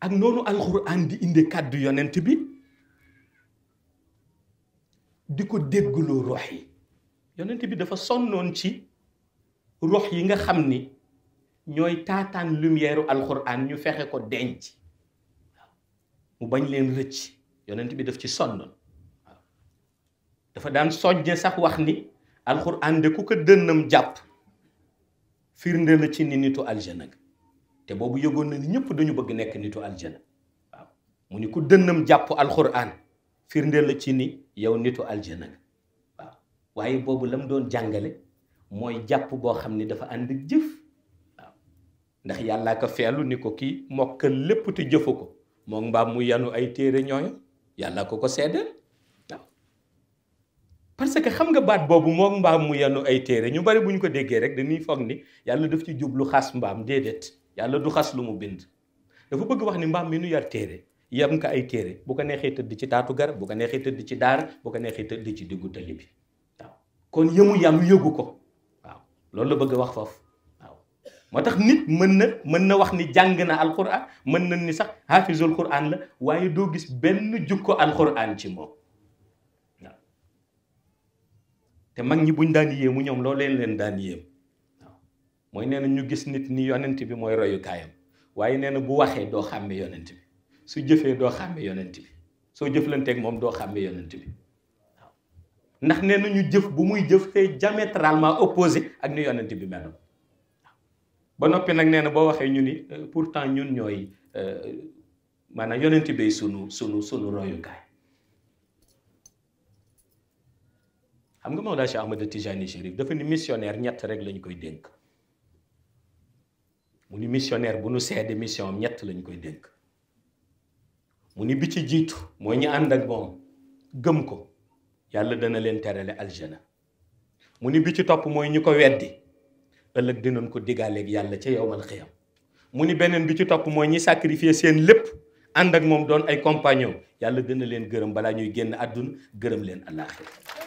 ak noonu alxuraan di inde kàddu yonent bi di ko déggloo rox yi yonent bi dafa sonnoon ci rox yi nga xam ni ñooy taataan lumière alxuraan ñu fexe ko denc mu bañ leen rëcc yonent bi daf ci sonnoon dafa daan soññe sax wax ni alxuraan de ku ko dënnam jàpp firnde la ci ni nitu aljana te boobu yëgoon na ñëpp dañu bëgg nekk nitu aljana waaw mu ni ku dënnam jàpp alxuraan firndeel la ci ni yow nitu aljana waaw waaye boobu la mu doon jàngale mooy jàpp boo xam ni dafa ànd jëf waaw ndax yàllaa ko feelu ni ko kii mokkal lépp te jëfu ko moom mbaam mu yanu ay téere ñooyo yàlla ko ko seddeel waaw parce que xam nga baat boobu moom mbaam mu yanu ay téere ñu bari bu ñu ko déggee rek dañuy foog ni yàlla daf ci jublu xas mbaam déedéet yàlla du xas lu mu bind dafa bëgg wax ni mbaam mi nu yar téere yam ko ay téere bu ko neexee tëdd ci taatu garab bu ko neexee tëdd ci daara bu ko neexee tëdd ci diggu tali bi waaw kon yëmu yam yëgu ko waaw loolu la bëgg wax foofu waaw moo tax nit mën na mën na wax ni jàng na alquran mën na ni sax hafizul quran la waaye doo gis benn jukko alquran ci moom waaw te mag ñi buñ daan yéemu ñoom loolu leen leen daan yéem mooy nee na ñu gis nit ni yonent bi mooy royukaayam waaye nee na bu waxee doo xàmme yonent bi su jëfee doo xàmme yonent bi soo jëflanteeg moom doo xàmme yonent bi waaw ndax nee na jëf bu muy jëf te diamétralement opposé ak bi meloon ba noppi nag nee na boo waxee ñu ni euh, pourtant ñun ñooy euh, maanaam yonent bi sunu sunu sunu royukaay xam nga Mawlaa Cheikh Ahmad Tijani Chérif dafa ni missionnaire ñett rek lañu koy dénk mu ni missionnaire bu nu seede mission am ñett lañ koy dénk mu ni bi ci jiitu mooy ñu ànd ak moom gëm ko yàlla dana leen terale aljana mu ni bi ci topp mooy ñu ko weddi ëllëg dinañ ko diggaaleeg yàlla ca yowmal xiyam mu ni beneen bi ci topp mooy ñi sacrifier seen lépp ànd ak moom doon ay compagnon yàlla dana leen gërëm balaa ñuy génn àdduna gërëm leen àllaaxira